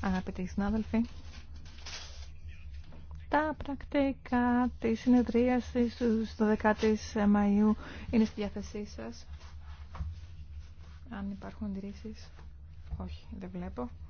Αγαπητοί συνάδελφοι, τα πρακτικά τη συνεδρίαση του 12 Μαου είναι στη διάθεσή σα. Αν υπάρχουν αντιρρήσει, όχι, δεν βλέπω.